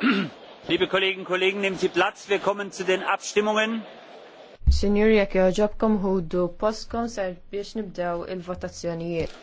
Liebe Kolleginnen und Kollegen, nehmen Sie Platz. Wir kommen zu den Abstimmungen. Signori, jekk joġobkom ħudu postkom ser biex nibdew il-votazzjonijiet.